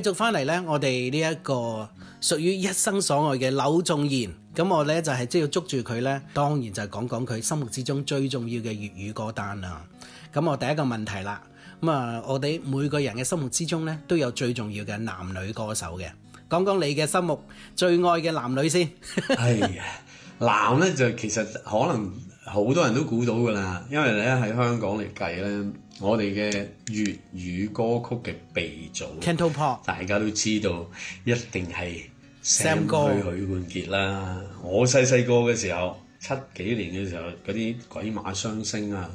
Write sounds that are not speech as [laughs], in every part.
繼續翻嚟咧，我哋呢一個屬於一生所愛嘅柳重言，咁我咧就係即係要捉住佢咧，當然就係講講佢心目之中最重要嘅粵語歌單啦。咁我第一個問題啦，咁啊，我哋每個人嘅心目之中咧都有最重要嘅男女歌手嘅，講講你嘅心目最愛嘅男女先。係呀，男咧就其實可能好多人都估到噶啦，因為咧喺香港嚟計咧。我哋嘅粵語歌曲嘅鼻祖，Canto Pop 大家都知道一定係 Sam 哥許 Sam Go. 冠傑啦。我細細個嘅時候，七幾年嘅時候，嗰啲鬼馬雙星啊，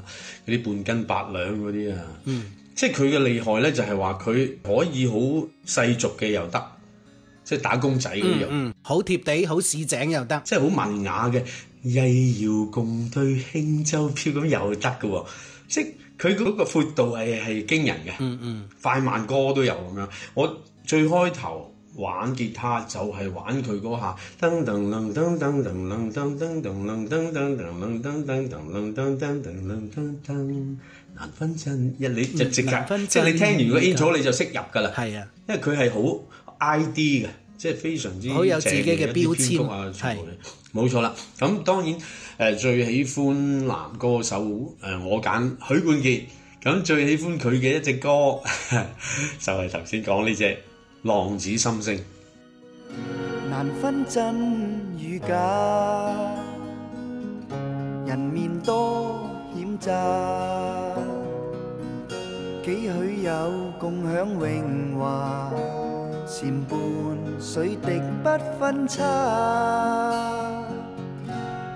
嗰啲半斤八兩嗰啲啊，嗯，即係佢嘅厲害咧，就係話佢可以好世俗嘅又得，即係打工仔嗰啲好貼地，好市井又得，即係好文雅嘅，曳搖共對輕舟飄咁又得嘅喎、哦，即佢嗰個闊度係係驚人嘅，快慢歌都有咁樣。我最開頭玩吉他就係玩佢嗰下，噔噔噔噔噔噔噔噔噔噔噔噔噔噔噔噔噔噔噔噔，難分真一啲就即刻，即係你聽完個 intro 你就識入㗎啦。係啊，因為佢係好 id 嘅，即係非常之好有自己嘅標籤啊，嗯嗯錯，係冇錯啦。咁當然。誒，最喜歡男歌手，誒我揀許冠傑，咁最喜歡佢嘅一隻歌就係頭先講呢隻《浪子心聲》。難分真與假，人面多險詐，幾許有共享榮華，檐畔水滴不分差。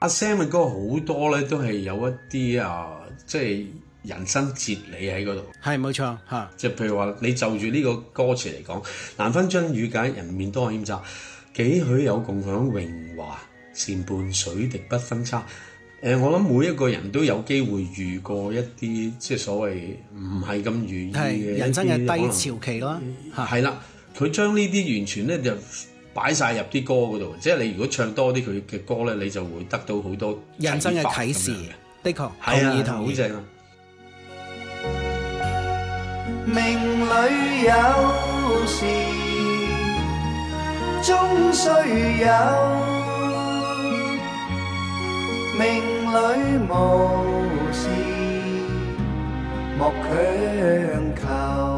阿 Sam 嘅歌好多咧，都係有一啲啊，即係人生哲理喺嗰度。係冇錯吓，即係譬如話你就住呢個歌詞嚟講，難分真與假，解人面多險詐，幾許有共享榮華，善伴水滴不分差。誒、呃，我諗每一個人都有機會遇過一啲即係所謂唔係咁如意人生嘅低潮期能咯。係啦、嗯，佢將呢啲完全咧就擺晒入啲歌嗰度，即係你如果唱多啲佢嘅歌咧，你就會得到好多人生嘅啟示。的，的確，係啊，好正啊。命裏棒有時，終須有；命裏無時，莫強求。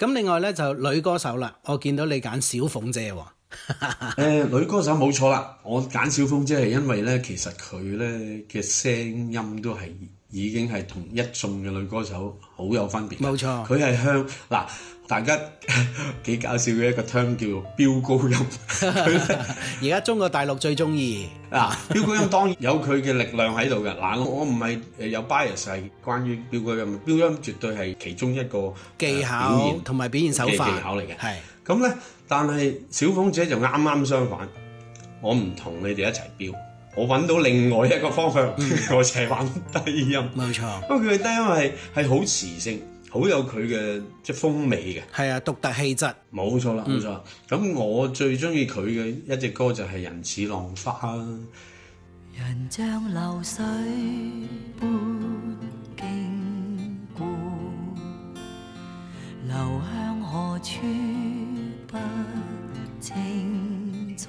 咁另外呢，就女歌手啦，我見到你揀小鳳姐喎，哦。誒、 [laughs] 呃，女歌手冇錯啦，我揀小鳳姐係因為呢，其實佢呢嘅聲音都係。已經係同一眾嘅女歌手好有分別。冇錯，佢係香嗱，大家幾搞笑嘅一個 term 叫做飆高音。而家中國大陸最中意嗱，飆高音當然有佢嘅力量喺度嘅嗱，我我唔係誒有 bias 係關於飆高音，飆高音絕對係其中一個技巧同埋表現手法技巧嚟嘅。係咁咧，但係小鳳姐就啱啱相反，我唔同你哋一齊飆。我揾到另外一個方向，嗯、我就係玩低音，冇錯。因為佢嘅低音係係好磁性，好有佢嘅即係風味嘅，係啊，獨特氣質，冇錯啦，冇、嗯、錯。咁我最中意佢嘅一隻歌就係、是《人似浪花》啦。人像流水般經過，流向何處不清楚。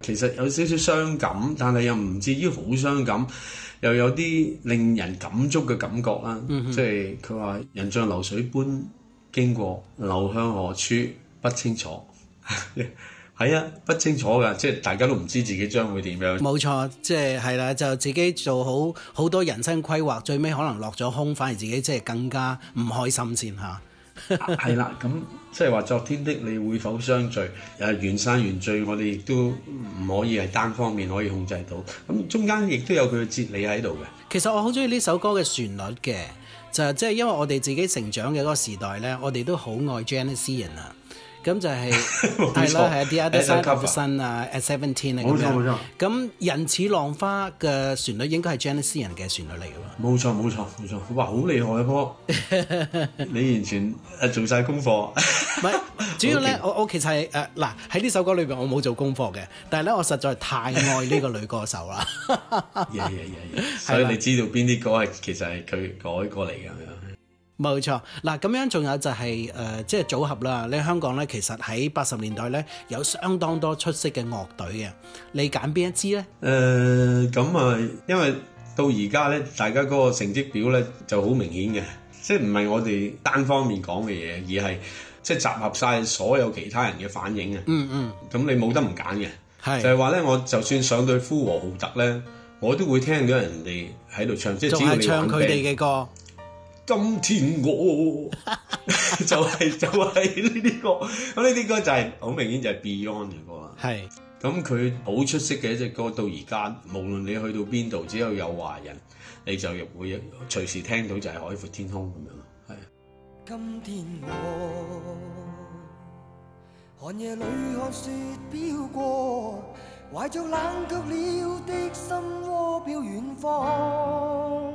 其實有少少傷感，但係又唔至於好傷感，又有啲令人感觸嘅感覺啦。嗯、哼即係佢話人像流水般經過香河，流向何處不清楚。係 [laughs] 啊，不清楚㗎，即係大家都唔知自己將會點樣。冇錯，即係係啦，就自己做好好多人生規劃，最尾可能落咗空，反而自己即係更加唔開心先嚇。係啦，咁即係話昨天的你會否相聚？誒、啊，緣生緣聚，我哋亦都唔可以係單方面可以控制到。咁中間亦都有佢嘅哲理喺度嘅。其實我好中意呢首歌嘅旋律嘅，就係即係因為我哋自己成長嘅嗰個時代咧，我哋都好愛 Janis Ian 啊。咁就係係啦，係啊，D I D Seven 啊，At Seventeen 啊咁樣。冇錯冇錯。咁人似浪花嘅旋律應該係 Janis Ian 嘅旋律嚟㗎嘛？冇錯冇錯冇錯。哇，好厲害一樖！你完全誒做曬功課。唔係，主要咧，我我其實誒嗱喺呢首歌裏邊，我冇做功課嘅，但係咧，我實在太愛呢個女歌手啦。係係係。所以你知道邊啲歌係其實係佢改過嚟㗎？冇錯，嗱，咁樣仲有就係、是、誒、呃，即係組合啦。你香港咧，其實喺八十年代咧，有相當多出色嘅樂隊嘅。你揀邊一支咧？誒咁、呃、啊，因為到而家咧，大家嗰個成績表咧就好明顯嘅，即係唔係我哋單方面講嘅嘢，而係即係集合晒所有其他人嘅反應啊。嗯嗯。咁你冇得唔揀嘅，係是就係話咧，我就算上對呼和浩特咧，我都會聽到人哋喺度唱，即係只係唱佢哋嘅歌。今天我 [laughs] 就係就係呢啲歌，咁呢啲歌就係好明顯就係 Beyond 嘅歌啊。係，咁佢好出色嘅一隻歌，到而家無論你去到邊度，只要有、有華人，你就會隨時聽到就係《海闊天空》咁樣咯。係啊。今天我寒夜裡看雪飄過，懷著冷卻了的心窩飄遠方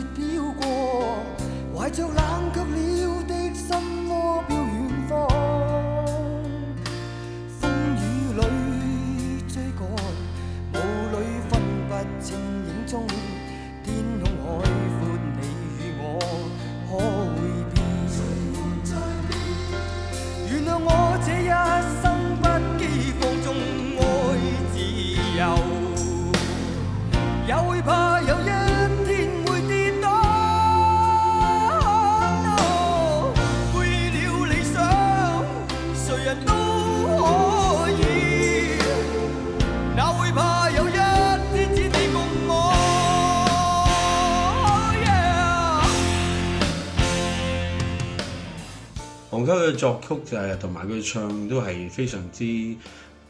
而家嘅作曲就係同埋佢唱都係非常之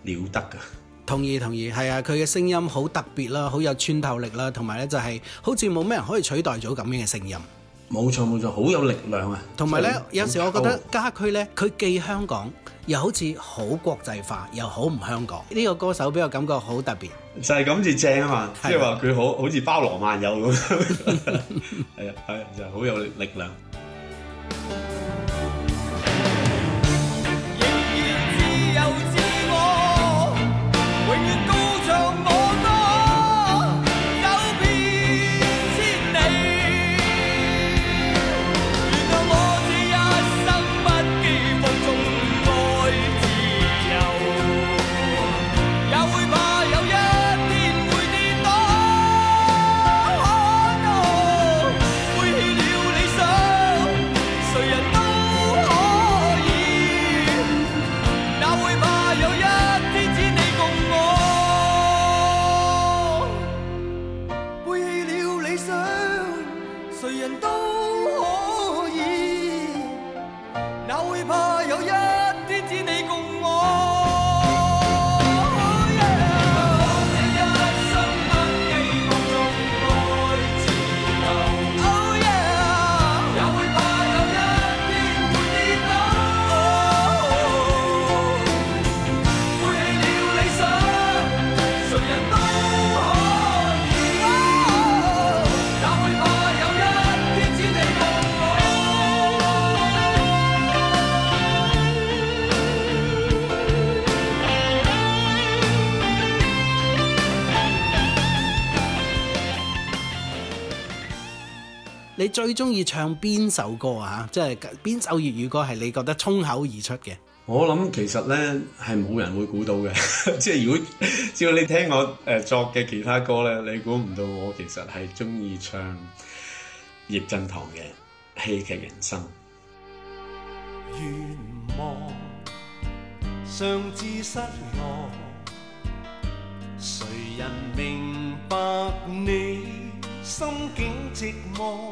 了得噶。同意同意，係啊！佢嘅聲音好特別啦，好有穿透力啦，同埋咧就係好似冇咩人可以取代咗咁樣嘅聲音。冇錯冇錯，好有力量啊！同埋咧，有時我覺得家駒咧，佢既香港，又好似好國際化，又好唔香港。呢、這個歌手俾我感覺好特別，就係咁至正啊嘛！的即係話佢好好似包羅萬有咁。係 [laughs] [laughs] 啊係啊，就好、係、有力量。最中意唱邊首歌啊？即係邊首粵語歌係你覺得衝口而出嘅？我諗其實咧係冇人會估到嘅。 [laughs] 即係如果照你聽我誒、呃、作嘅其他歌咧，你估唔到我其實係中意唱葉振棠嘅《戲劇人生》。願望，尚自失落誰人明白你心境寂寞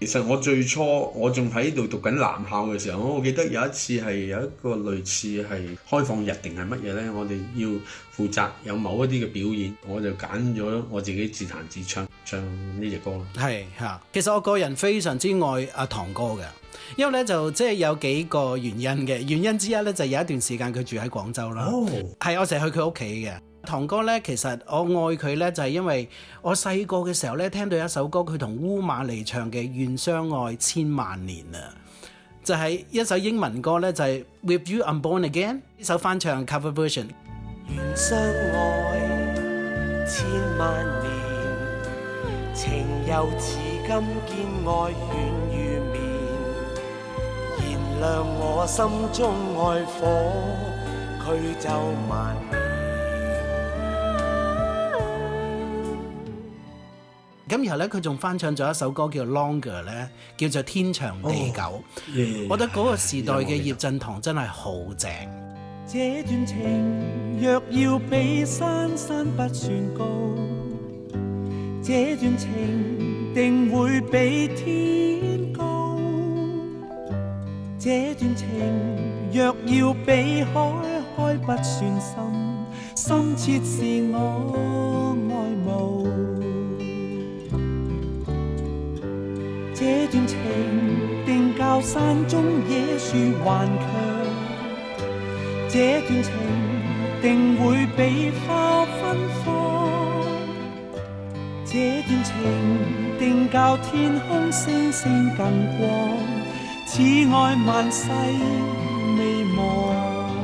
其實我最初我仲喺度讀緊南校嘅時候，我記得有一次係有一個類似係開放日定係乜嘢呢？我哋要負責有某一啲嘅表演，我就揀咗我自己自彈自唱唱呢隻歌咯。係吓，其實我個人非常之愛阿棠哥嘅，因為呢，就即係有幾個原因嘅，原因之一呢，就是有一段時間佢住喺廣州啦，係、oh. 我成日去佢屋企嘅。棠哥咧，其實我愛佢咧，就係因為我細個嘅時候咧，聽到一首歌，佢同烏瑪尼唱嘅《願相愛千萬年》啊，就係一首英文歌咧，就係 With You I'm Born Again 呢首翻唱 cover version。咁然後咧，佢仲翻唱咗一首歌叫《Longer》咧，叫做《天長地久》。Oh, yeah, yeah, yeah，我覺得嗰個時代嘅葉振棠真係好正。這段情若要比山山不算高，這段情定會比天高。這段情若要比海海不算深，深切是我愛慕。這段情定教山中野樹頑強，這段情定會比花芬芳，這段情定教天空星星更光，此愛萬世未忘。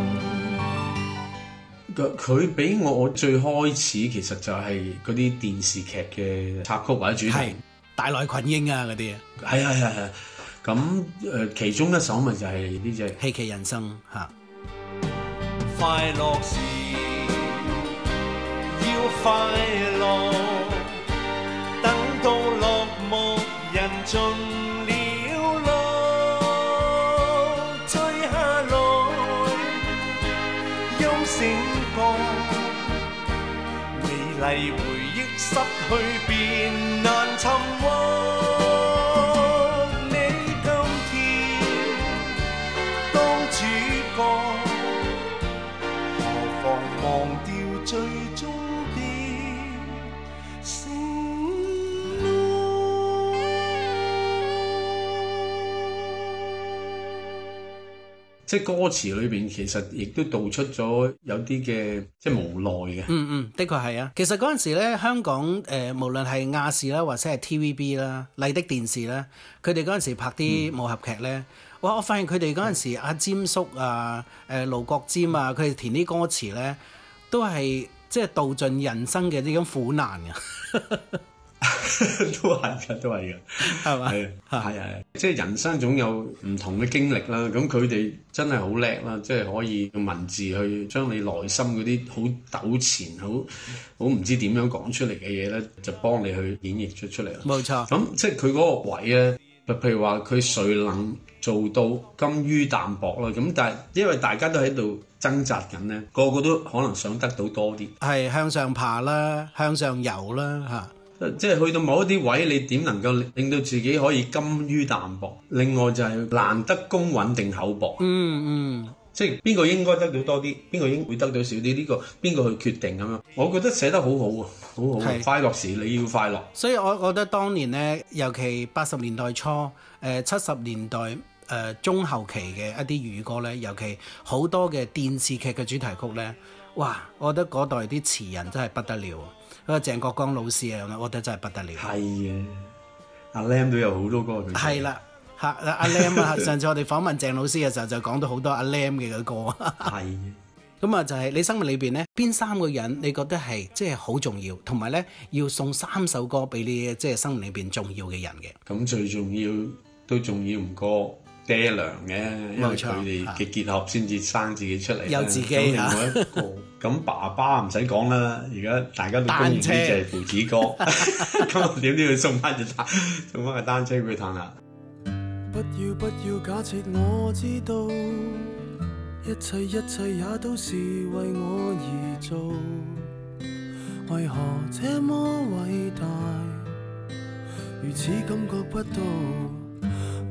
佢佢俾我最開始其實就係嗰啲電視劇嘅插曲或者主題。大內群英啊，嗰啲，係係係係。咁誒、啊啊呃、其中一首咪就係呢隻《戲劇人生》嚇。快樂時要快樂。即係歌詞裏邊其實亦都道出咗有啲嘅即係無奈嘅。嗯嗯，的確係啊。其實嗰陣時咧，香港誒、呃、無論係亞視啦，或者係 TVB 啦、麗的電視啦，佢哋嗰陣時候拍啲武俠劇咧，嗯、哇！我發現佢哋嗰陣時阿霑、嗯啊、叔啊、誒、呃、盧國沾啊，佢哋填啲歌詞咧，都係即係道盡人生嘅呢種苦難啊。 [laughs] [laughs] 都係噶，都係噶，係嘛吧？係啊的，係即係人生總有唔同嘅經歷啦。咁佢哋真係好叻啦，即係可以用文字去將你內心嗰啲好糾纏、好好唔知點樣講出嚟嘅嘢咧，就幫你去演繹出出嚟。冇錯錯。咁即係佢嗰個位咧，就譬如話佢誰能做到甘於淡薄啦？咁但係因為大家都喺度掙扎緊咧，個個都可能想得到多啲。係向上爬啦，向上游啦，吓。即係去到某一啲位，你點能夠令到自己可以甘於淡薄？另外就係難得公穩定口薄。嗯嗯，嗯即係邊個應該得到多啲，邊個應會得到少啲？呢、呢個邊個去決定咁樣？我覺得寫得好好啊，好好、啊。是快樂時你要快樂。所以我覺得當年呢，尤其八十年代初、呃、七十年代、呃、中後期嘅一啲粵歌呢，尤其好多嘅電視劇嘅主題曲呢，哇！我覺得嗰代啲詞人真係不得了。嗰個鄭國江老師啊，我覺得真係不得了。係啊，阿 Lam 都有好多歌。係啦，嚇，阿 Lam 啊，啊 am, [laughs] 上次我哋訪問鄭老師嘅時候就講到好多阿 Lam 嘅嘅歌。係 [laughs] 的，咁啊就係、是、你生命裏邊咧，邊三個人你覺得係即係好重要，同埋咧要送三首歌畀你，即、就、係、是、生命裏邊重要嘅人嘅。咁最重要都重要唔過。爹娘嘅，因為佢哋嘅結合先至生自己出嚟，嗯，有自己吓，啊。咁爸爸唔使講啦，而家大家都公認就係父子歌，單車 今日點都要送翻隻單，送翻個單車俾佢嘆下。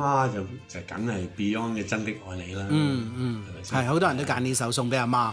阿媽就，就梗係 Beyond 嘅《真的愛你》啦，嗯嗯，係好多人都揀呢首送俾阿媽。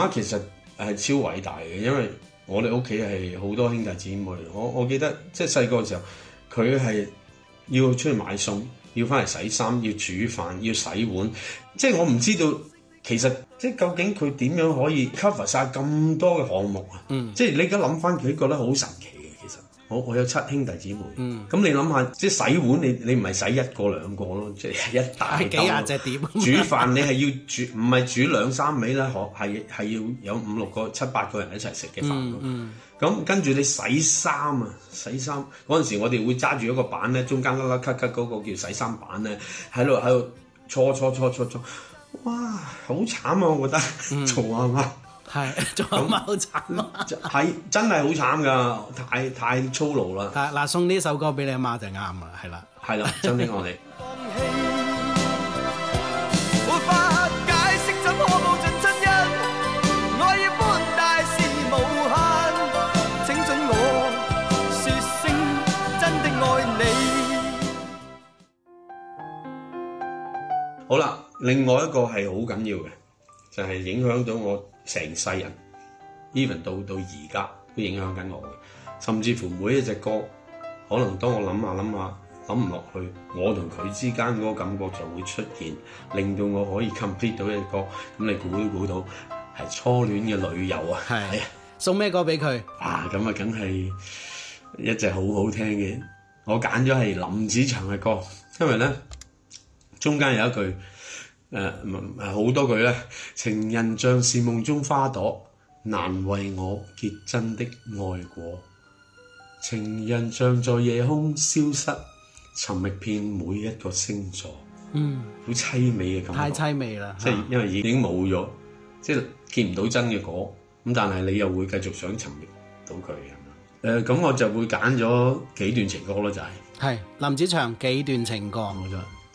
媽其實係超偉大嘅，因為我哋屋企係好多兄弟姊妹。我我記得即係細個嘅時候，佢係要出去買餸，要翻嚟洗衫，要煮飯，要洗碗。即係我唔知道，其實即係究竟佢點樣可以 cover 晒咁多嘅項目啊？嗯，即係你而家諗翻，佢覺得好神奇。我我有七兄弟姊妹，咁、嗯、你諗下，即係洗碗你你唔係洗一個兩個咯，即係一大兜。幾廿隻碟。煮飯你係要煮唔係煮兩三味啦，可係係要有五六個七八個人一齊食嘅飯。咁、嗯嗯、跟住你洗衫啊，洗衫嗰陣時我哋會揸住一個板咧，中間甩甩咳咳嗰個叫洗衫板咧，喺度喺度搓搓搓搓搓，搓，搓，哇！好慘啊，我覺得，嘈啊 [laughs] 係，仲阿媽好慘啊！係那 [laughs] 真係好慘噶，太太粗魯啦。嗱，送呢首歌俾你阿媽就啱啦，係啦，係啦，真啲我哋。無法解釋，怎可報盡親恩，愛意寬大是無限，請准我說聲真的愛你。 [laughs] 好啦，另外一個係好緊要嘅，就係影響到我。成世人，even 到到，而家都影響緊我，甚至乎每一隻歌，可能當我諗下諗下諗唔落去，我同佢之間嗰個感覺就會出現，令到我可以 complete 到一隻歌，咁你估都估到係初戀嘅旅遊啊！係啊，送咩歌俾佢？啊，咁啊，梗係一隻好好聽嘅，我揀咗係林子祥嘅歌，因為咧中間有一句。誒好、 [music] uh, 多句咧，情人像是夢中花朵，難為我結真的愛果。情人像在夜空消失，尋覓遍每一個星座。嗯，好凄美嘅感覺。太凄美啦，即係因為已經冇咗，嗯、即係見唔到真嘅果。咁但係你又會繼續想尋覓到佢係咪？誒咁、呃、我就會揀咗幾段情歌咯，就係。係林子祥幾段情歌。冇、就、錯、是。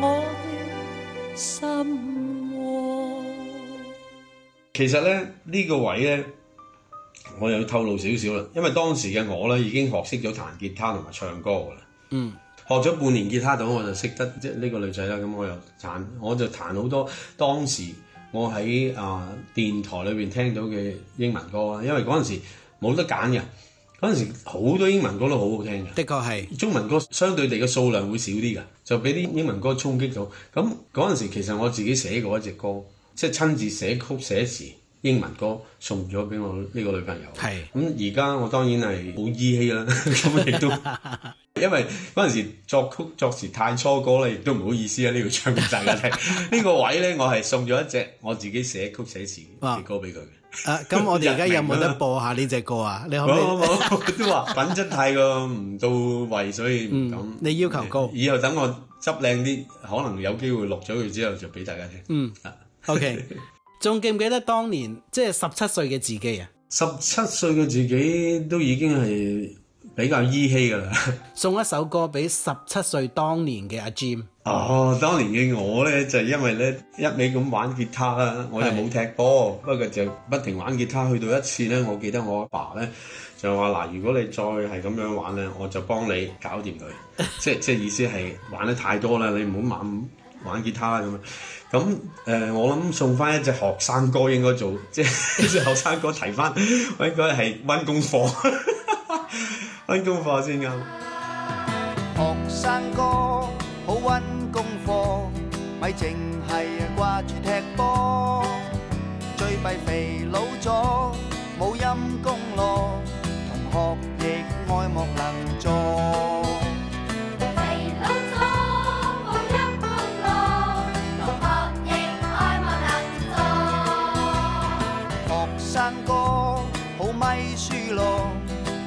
我的其實咧呢、呢個位呢，我又要透露少少啦，因為當時嘅我呢已經學識咗彈吉他同埋唱歌噶啦，嗯，學咗半年吉他度我就識得即呢個女仔啦，咁我又彈，我就彈好多當時我喺啊、呃、電台裏面聽到嘅英文歌啦，因為嗰陣時冇得揀嘅，嗰陣時好多英文歌都好好聽嘅，的確係中文歌相對地嘅數量會少啲噶。就畀啲英文歌衝擊到，咁嗰陣時其實我自己寫過一隻歌，即係親自寫曲寫詞。英文歌送咗俾我呢個女朋友，係咁而家我當然係好依稀啦，咁 [laughs] 亦都因為嗰陣時作曲作詞太初哥啦，亦都唔好意思啊呢、呢個唱唔曬嘅，呢 [laughs] 個位咧我係送咗一隻我自己寫曲寫詞嘅歌俾佢嘅。啊，咁我哋而家有冇得播下呢隻歌啊？你好，唔好、嗯嗯、都話品質太過唔到位，所以唔敢、嗯。你要求高，以後等我執靚啲，可能有機會錄咗佢之後就俾大家聽。嗯、啊，OK。 [laughs] 仲記唔記得當年即係十七歲嘅自己啊？十七歲嘅自己都已經係比較依稀噶啦。送一首歌俾十七歲當年嘅阿 Jim。哦，當年嘅我咧就係因為咧一味咁玩吉他啦，我又冇踢波，是不過就不停玩吉他。去到一次咧，我記得我阿爸咧就話嗱，如果你再係咁樣玩咧，我就幫你搞掂佢。 [laughs] 即即意思係玩得太多啦，你唔好猛玩吉他啦咁。咁誒，我諗送翻一隻學生哥應該做，即係啲學生哥提翻，應該係溫功課，溫功課先啱。學生哥好溫功課，咪淨係掛住踢波，最弊肥佬咗冇陰功咯，同學亦愛莫能。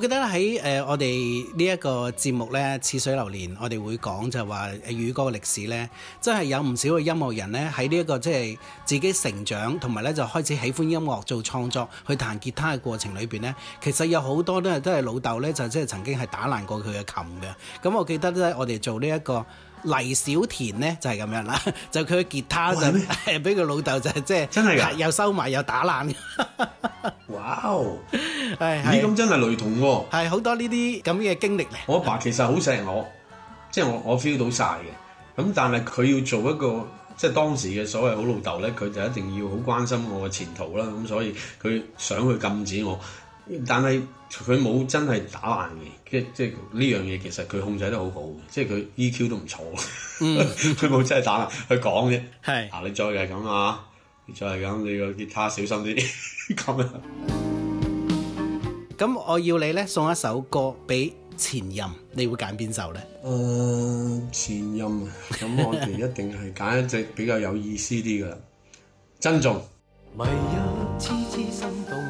我記得喺誒、呃，我哋呢一個節目咧《似水流年》我們，我哋會講就話誒，粵語歌嘅歷史呢真係有唔少嘅音樂人呢，喺呢一個即係自己成長，同埋呢就開始喜歡音樂、做創作、去彈吉他嘅過程裏邊呢，其實有好多咧都係老豆呢，就即係曾經係打爛過佢嘅琴嘅。咁我記得呢，我哋做呢、這、一個。黎小田咧就係咁樣啦，就佢嘅吉他就俾佢老豆就即係真係又收埋又打爛 wow。 [laughs] 哇哦，咦咁真係雷同喎。係好多呢啲咁嘅經歷咧。我阿爸其實好錫我，即係我我 feel 到晒嘅。咁但係佢要做一個即係當時嘅所謂好老豆咧，佢就一定要好關心我嘅前途啦。咁所以佢想去禁止我。但係佢冇真係打爛嘅，即即呢樣嘢其實佢控制得好好，即係佢 EQ 都唔錯。佢冇、嗯、 [laughs] 真係打爛，佢講嘅，係。啊，你再係咁啊，你再係咁，你個吉他小心啲咁 [laughs] 樣啊。咁我要你咧送一首歌俾前任，你會揀邊首咧？誒、呃，前任啊，咁我哋一定係揀一隻比較有意思啲嘅。 [laughs] 珍重。痴痴心。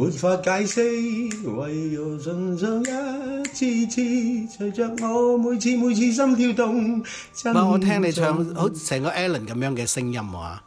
冇法解釋，唯有唇上一次次隨着我每次每次心跳動，真係我聽你唱，好似成個 Alan 咁樣嘅聲音啊！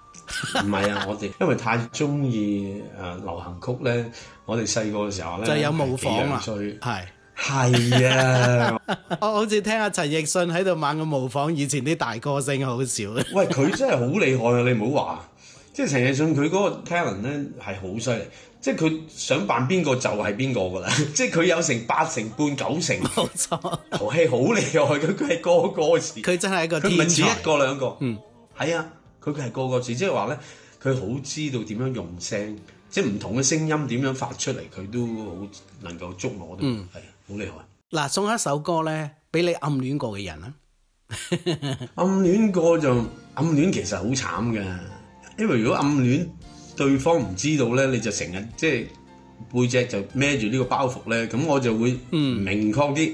唔係 [laughs] 啊，我哋因為太中意誒流行曲咧，我哋細個嘅時候咧就有模仿啊，最係係啊！ [laughs] 我好似聽阿陳奕迅喺度猛咁模仿以前啲大歌星，好少。 [laughs] 喂，佢真係好厲害啊！你唔好話，即係陳奕迅佢嗰個 talent 咧係好犀利。即係佢想扮邊個就係邊個㗎啦！即係佢有成八成半九成，冇錯，淘氣好厲害嘅佢係個個字，佢真係個天才。佢唔似一個兩個，嗯，係啊，佢佢係個個字，即係話咧，佢好知道點樣用聲，即係唔同嘅聲音點樣發出嚟，佢都好能夠捉摸到，嗯，係好厲害。嗱，送一首歌咧俾你暗戀過嘅人啦，啊， [laughs] 暗戀過就暗戀其實好慘㗎，因為如果暗戀。對方唔知道呢，你就成日即係背脊就孭住呢個包袱呢。咁我就會明確啲，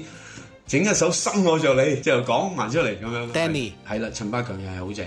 整、嗯、一首深愛着你，之後講埋出嚟咁樣。Danny 係啦，陳百強又係好正。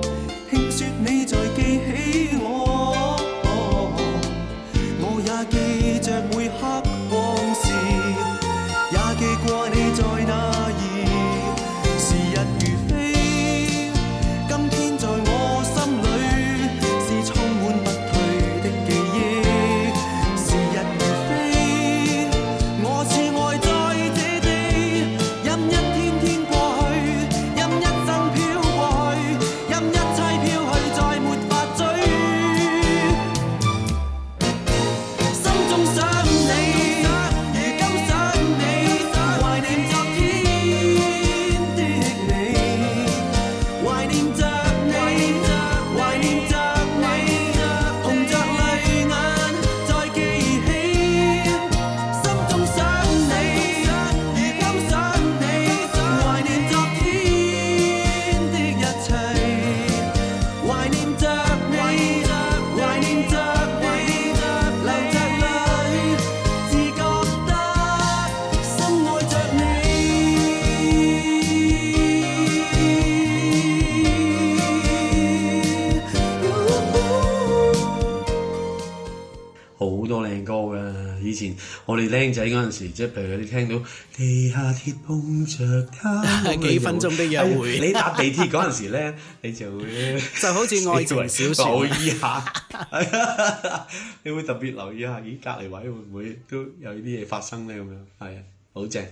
我哋僆仔嗰陣時，即係譬如你聽到地下鐵碰著他，幾分鐘的約會。哎、你搭地鐵嗰陣 [laughs] 時咧，你就會就好似愛情小説，會留意一下， [laughs] [laughs] 你會特別留意一下，咦隔離位會唔會都有啲嘢發生呢？咁樣？係啊，好正。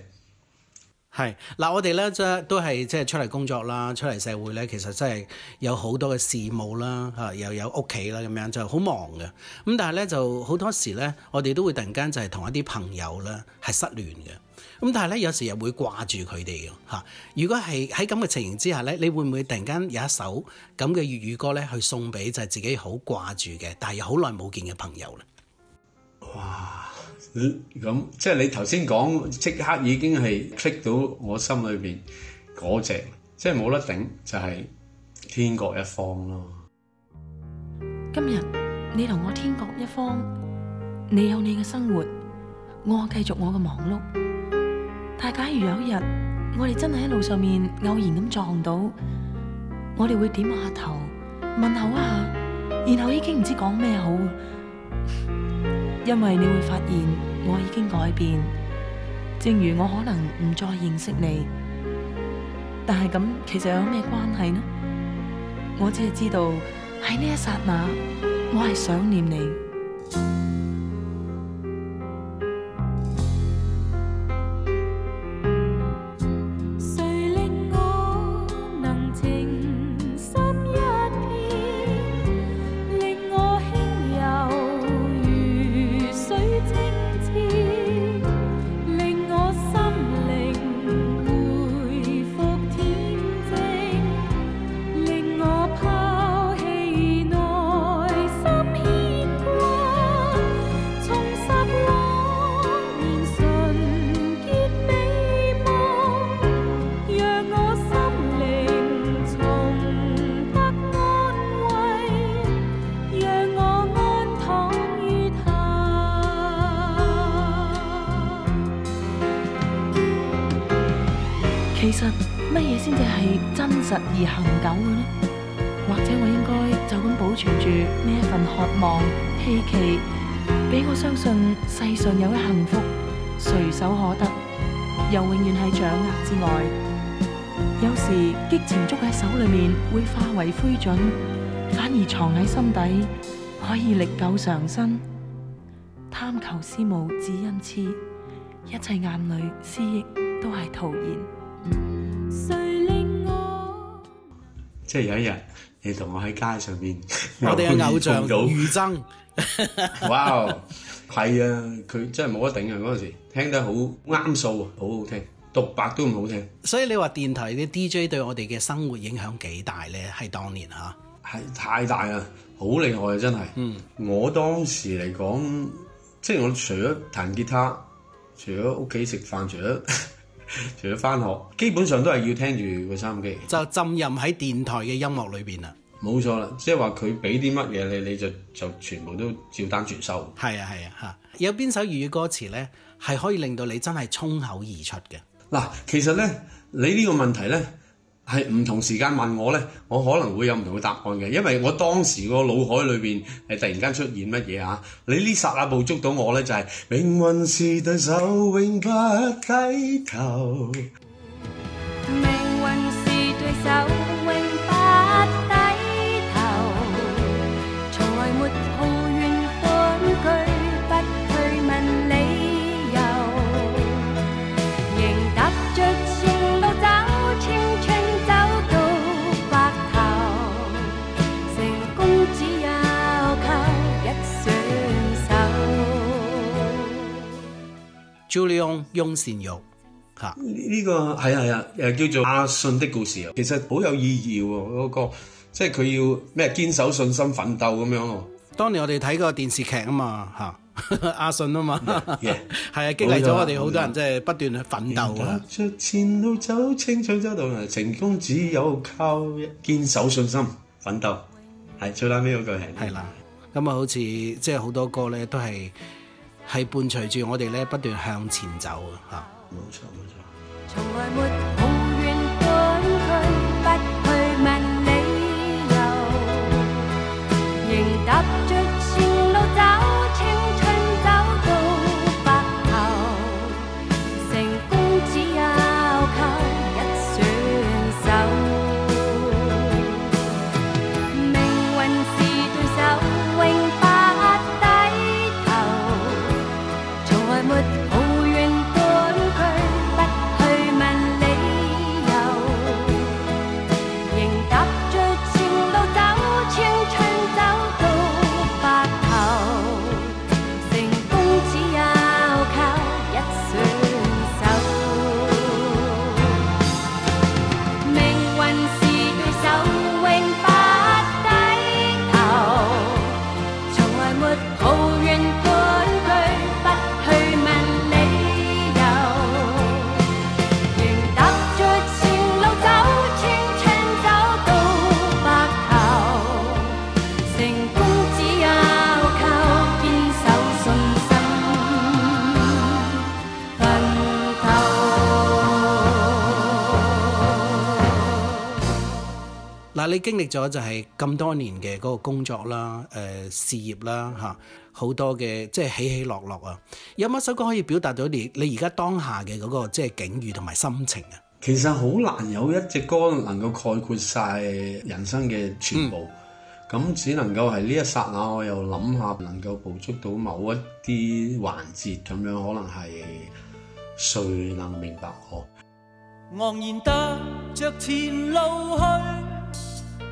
係嗱，我哋咧即都係即係出嚟工作啦，出嚟社會咧，其實真係有好多嘅事務啦，吓又有屋企啦，咁樣就好忙嘅。咁但係咧就好多時咧，我哋都會突然間就係同一啲朋友咧係失聯嘅。咁但係咧有時又會掛住佢哋嘅吓。如果係喺咁嘅情形之下咧，你會唔會突然間有一首咁嘅粵語歌咧去送俾就係自己好掛住嘅，但係又好耐冇見嘅朋友咧？哇咁即係你頭先講即刻已經係 click 到我心裏邊嗰隻，即係冇得頂，就係天各一方咯。今日你同我天各一方，你有你嘅生活，我繼續我嘅忙碌。但係假如有一日我哋真係喺路上面偶然咁撞到，我哋會點下頭問候一下，然後已經唔知講咩好。因為你會發現我已經改變，正如我可能唔再認識你，但係咁其實有咩關係呢？我只係知道喺呢一剎那，我係想念你。其實乜嘢先至係真實而恆久嘅呢？或者我應該就咁保存住呢一份渴望、希冀，俾我相信世上有一幸福，隨手可得，又永遠喺掌握之外。有時激情捉喺手裏面會化為灰燼，反而藏喺心底可以歷久常新。貪求思慕只因痴，一切眼淚、思憶都係徒然。即係有一日，你同我喺街上面， [laughs] 我哋嘅偶像俞琤，哇，係啊，佢真係冇得頂啊！嗰陣時聽得好啱數，好好聽，獨白都咁好聽。所以你話電台啲 DJ 對我哋嘅生活影響幾大咧？係當年吓、啊，係太大啦，好厲害啊！真係，嗯，我當時嚟講，即係我除咗彈吉他，除咗屋企食飯，除咗。 [laughs] 除咗翻學，基本上都係要聽住個收音機，就浸淫喺電台嘅音樂裏邊啦。冇錯啦，即係話佢俾啲乜嘢你，你就就全部都照單全收。係啊係啊吓，有邊首粵語歌詞呢，係可以令到你真係沖口而出嘅。嗱，其實呢，你呢個問題呢。係唔同時間問我咧，我可能會有唔同嘅答案嘅，因為我當時個腦海裏邊係突然間出現乜嘢啊。你呢剎那捕捉到我咧，就係、是、命運是對手，永不低頭。命運是對手。julia 翁倩玉吓，呢、這個係啊係啊，誒、啊啊、叫做阿信的故事啊，其實好有意義嘅、啊、嗰、那個，即係佢要咩堅守信心奮鬥咁樣。當年我哋睇過電視劇啊嘛吓，阿信啊嘛，係啊，啊，Yeah, yeah, [laughs] 啊，激勵咗我哋好多人，即係不斷去奮鬥啊。踏着前路走，青春走到成功，只有靠堅守信心奮鬥，係最拉尾嗰句係。係啦、啊，咁啊好似即係好多歌咧，都係。係伴隨住我哋咧，不斷向前走啊！嚇，冇錯冇錯。從來冇嗱，但你經歷咗就係咁多年嘅嗰個工作啦，誒、呃、事業啦嚇，好多嘅即係起起落落啊！有乜首歌可以表達到你你而家當下嘅嗰、嗰個即係境遇同埋心情啊？其實好難有一隻歌能夠概括晒人生嘅全部，咁、嗯、只能夠係呢一剎那，我又諗下能夠捕捉到某一啲環節咁樣，可能係誰能明白我？昂然踏著前路去。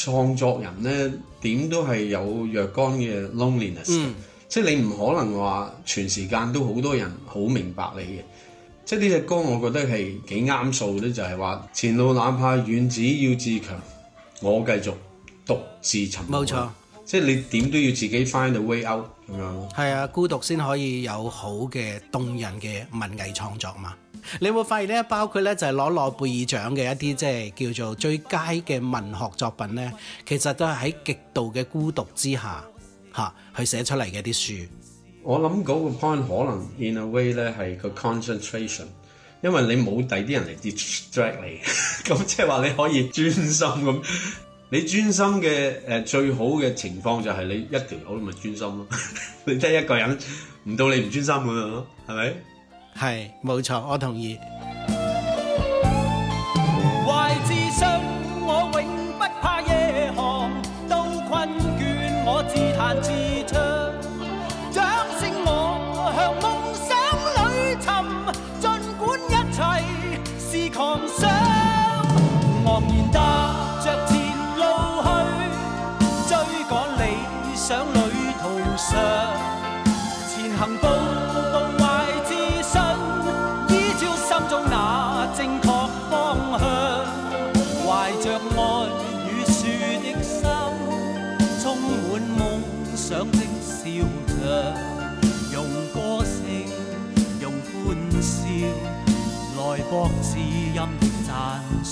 創作人咧點都係有若干嘅 loneliness，、嗯、即係你唔可能話全時間都好多人好明白你嘅，即係呢隻歌我覺得係幾啱數咧，就係、是、話前路哪怕遠，只要自強，我繼續獨自尋夢。冇錯。即係你點都要自己 find a way out 咁樣。係啊，孤獨先可以有好嘅動人嘅文藝創作嘛。你有冇發現咧？包括咧就係攞諾貝爾獎嘅一啲即係叫做最佳嘅文學作品咧，其實都係喺極度嘅孤獨之下吓去、啊、寫出嚟嘅啲書。我諗嗰個 point 可能 in a way 咧係個 concentration，因為你冇第啲人嚟 distract 你，咁即係話你可以專心咁。你專心嘅誒、呃、最好嘅情況就係你一條友咪專心咯，你真係一個人，唔到你唔專心嘅係咪？係，冇錯，我同意。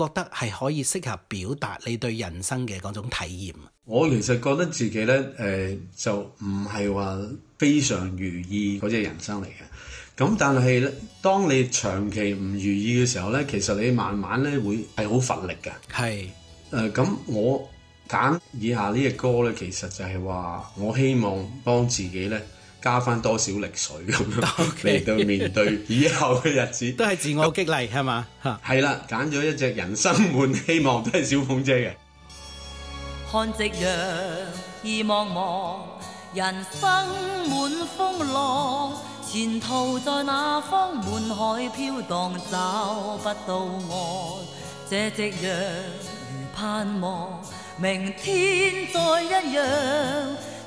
我覺得係可以適合表達你對人生嘅嗰種體驗。我其實覺得自己呢，誒、呃，就唔係話非常如意嗰隻人生嚟嘅。咁但係當你長期唔如意嘅時候呢，其實你慢慢呢會係好乏力嘅。係，誒，咁，呃，我揀以下呢隻歌呢，其實就係話我希望幫自己呢。加翻多少力水咁，嚟 Okay. 到面對以後嘅日子 [laughs] 都係自我激勵，係嘛 [laughs] 吧？係啦，揀咗一隻人生滿希望都係小鳳姐嘅。看夕陽意茫茫，人生滿風浪，前途在那方，滿海飄蕩找不到岸。這夕陽如盼望，明天再一樣。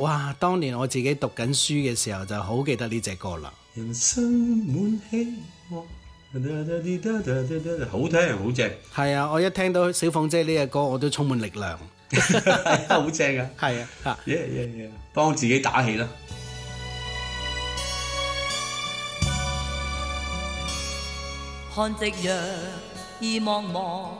哇！當年我自己讀緊書嘅時候，就好記得呢隻歌啦。人生滿希望，好聽，好正。係啊，我一聽到小鳳姐呢隻歌，我都充滿力量，好 [laughs] 呀 [laughs] 正啊！係啊，幫自己打氣啦。看夕陽意茫茫。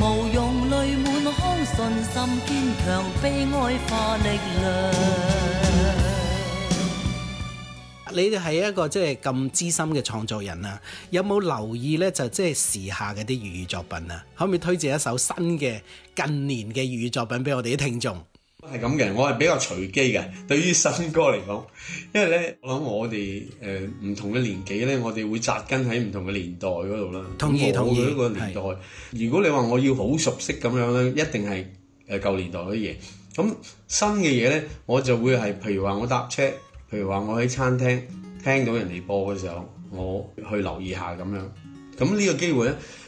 無用淚滿腔，信心堅強，悲哀化力量。你哋係一個即係咁資深嘅創作人啊，有冇留意呢？就即係時下嘅啲粵語作品啊，可唔可以推薦一首新嘅近年嘅粵語作品俾我哋啲聽眾？係咁嘅，我係比較隨機嘅。對於新歌嚟講，因為咧，我諗我哋誒唔同嘅年紀咧，我哋會紮根喺唔同嘅年代嗰度啦。同意同意。係。咁我嘅個年代，如果你話我要好熟悉咁樣咧，一定係誒舊年代嗰啲嘢。咁新嘅嘢咧，我就會係譬如話我搭車，譬如話我喺餐廳聽到人哋播嘅時候，我去留意下咁樣。咁呢個機會咧。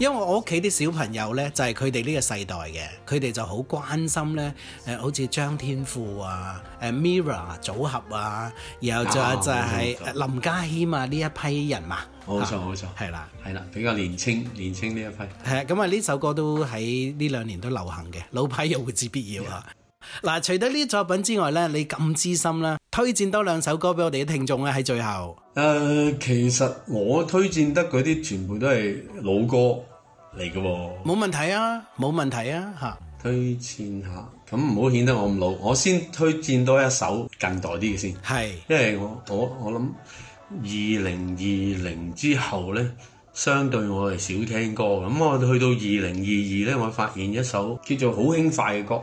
因為我屋企啲小朋友呢，就係佢哋呢個世代嘅，佢哋就好關心呢，誒，好似張天賦啊，誒、啊、Mirror 組合啊，然後仲有就係林家謙啊呢、啊啊啊啊啊、一批人嘛、啊，冇錯冇錯，係啦係啦，啦比較年青啦年青呢一批，係咁啊呢首歌都喺呢兩年都流行嘅，老派約會之必要吓、啊。Yeah. 嗱、啊，除咗呢啲作品之外咧，你咁資深啦，推薦多兩首歌俾我哋啲聽眾咧，喺最後。誒、呃，其實我推薦得嗰啲全部都係老歌嚟嘅。哦，冇問題啊，冇問題啊，吓。推薦下，咁唔好顯得我咁老。我先推薦多一首近代啲嘅先，係，因為我我我諗二零二零之後咧，相對我哋少聽歌嘅。咁我去到二零二二咧，我發現一首叫做好輕快嘅歌。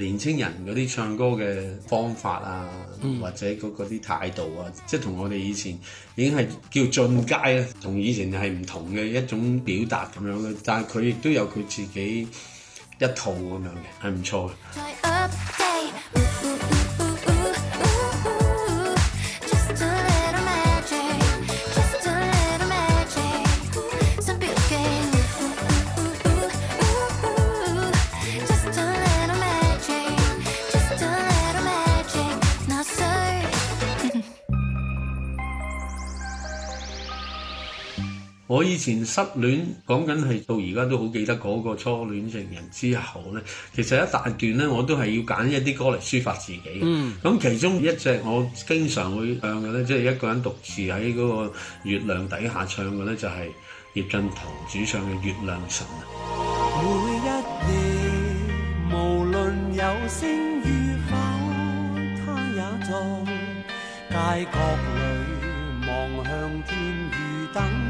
年青人嗰啲唱歌嘅方法啊，或者嗰啲態度啊，嗯，即係同我哋以前已經係叫進階啦，同以前係唔同嘅一種表達咁樣嘅。但佢亦都有佢自己一套咁樣嘅，係唔錯嘅。以前失戀，講緊係到而家都好記得嗰個初戀情人之後呢，其實一大段呢，我都係要揀一啲歌嚟抒發自己。咁、嗯、其中一隻我經常會唱嘅呢，即係一個人獨自喺嗰個月亮底下唱嘅呢，就係葉振棠主唱嘅《月亮神》。每一夜，無論有聲與否，他也在街角裡望向天與燈。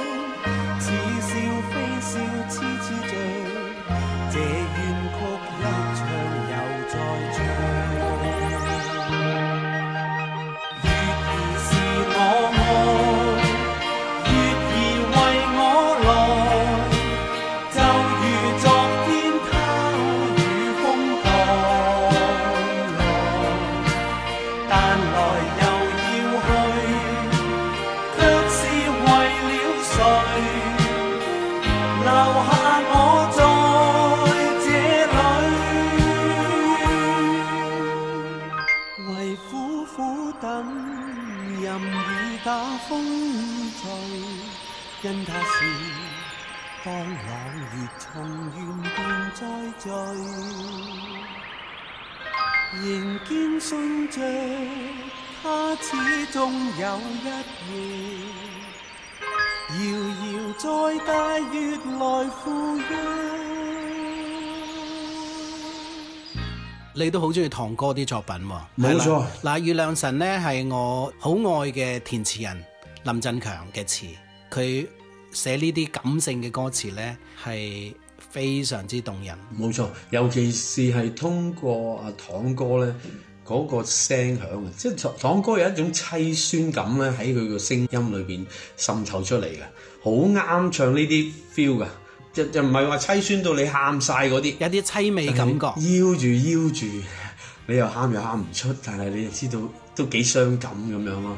再聚，仍堅信他始終有一年，遙遙在大月來扶擁。你都好中意棠哥啲作品，冇錯。嗱，《月亮神》呢係我好愛嘅填詞人林振強嘅詞，佢寫呢啲感性嘅歌詞呢係，非常之動人，冇錯，尤其是係通過阿棠哥咧嗰個聲響啊，唐那個、即係棠哥有一種凄酸感咧喺佢個聲音裏邊滲透出嚟嘅，好啱唱呢啲 feel 噶，就就唔係話凄酸到你喊晒嗰啲，有啲凄美感覺，腰住腰住，你又喊又喊唔出，但係你又知道都幾傷感咁樣咯。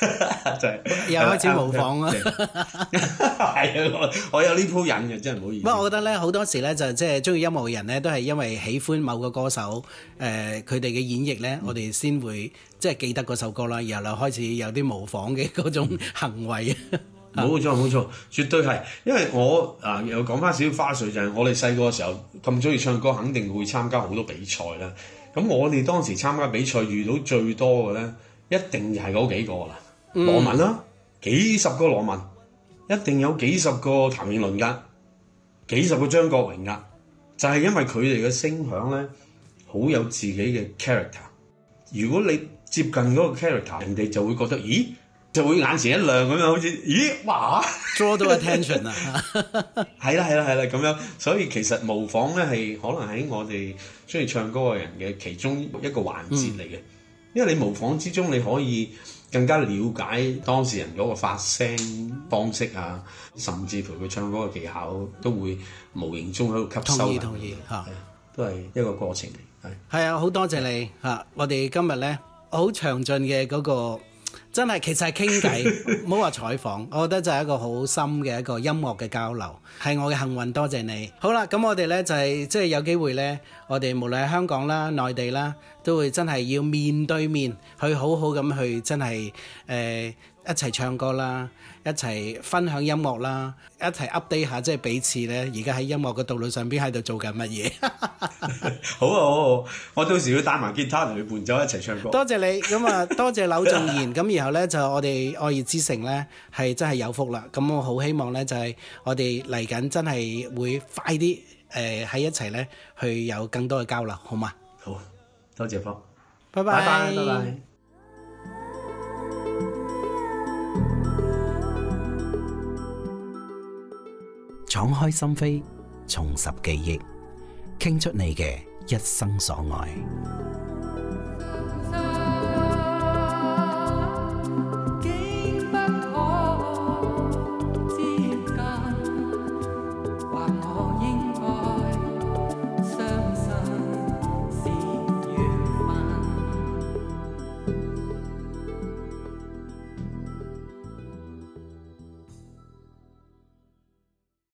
[laughs] 就是、又開始模仿啊！係啊 [laughs] 我有呢鋪癮嘅，真係唔好意思。不過我覺得咧，好多時咧就即係中意音樂嘅人咧，都係因為喜歡某個歌手誒，佢哋嘅演繹咧，嗯、我哋先會即係、就是、記得嗰首歌啦，然後就開始有啲模仿嘅嗰種行為啊！冇、嗯、 [laughs] 錯，冇錯，絕對係。因為我啊、呃、又講返少少花絮，就係、是、我哋細個時候咁中意唱歌，肯定會參加好多比賽啦。咁我哋當時參加比賽遇到最多嘅咧，一定係嗰幾個啦。嗯、羅文啦、啊，幾十個羅文，一定有幾十個譚詠麟噶，幾十個張國榮噶，就係、是、因為佢哋嘅聲響咧，好有自己嘅 character。如果你接近嗰個 character，人哋就會覺得咦，就會眼前一亮咁樣，好似咦，哇，捉到 attention 啊！ [laughs] 係啦係啦係啦咁樣，所以其實模仿咧係可能喺我哋中意唱歌嘅人嘅其中一個環節嚟嘅。嗯、因為你模仿之中你可以。更加了解當事人嗰個發聲方式啊，甚至乎佢唱歌嘅技巧，都會無形中喺度吸收同，同意同意是是都係一個過程嚟。係係意是啊，好多謝你嚇！是我哋今日咧好詳盡嘅嗰個。真係，其實係傾偈，唔好話採訪。我覺得就係一個好深嘅一個音樂嘅交流，係我嘅幸運，多謝你。好啦，咁我哋呢，就係、是、即係有機會呢，我哋無論喺香港啦、內地啦，都會真係要面對面去好好咁去真係誒、呃、一齊唱歌啦。一齊分享音樂啦！一齊 update 下，即係彼此咧，而家喺音樂嘅道路上邊喺度做緊乜嘢？ [laughs] 好，啊，好好、啊、我到時要打埋吉他同佢伴奏一齊唱歌。多謝你咁啊！多謝柳重言咁， [laughs] 然後咧就我哋愛粵之城咧係真係有福啦！咁我好希望咧就係、是、我哋嚟緊真係會快啲誒喺一齊咧去有更多嘅交流，好嗎？好，多謝 Paul，拜拜 bye，拜拜。敞開心扉，重拾記憶，傾出你嘅一生所愛。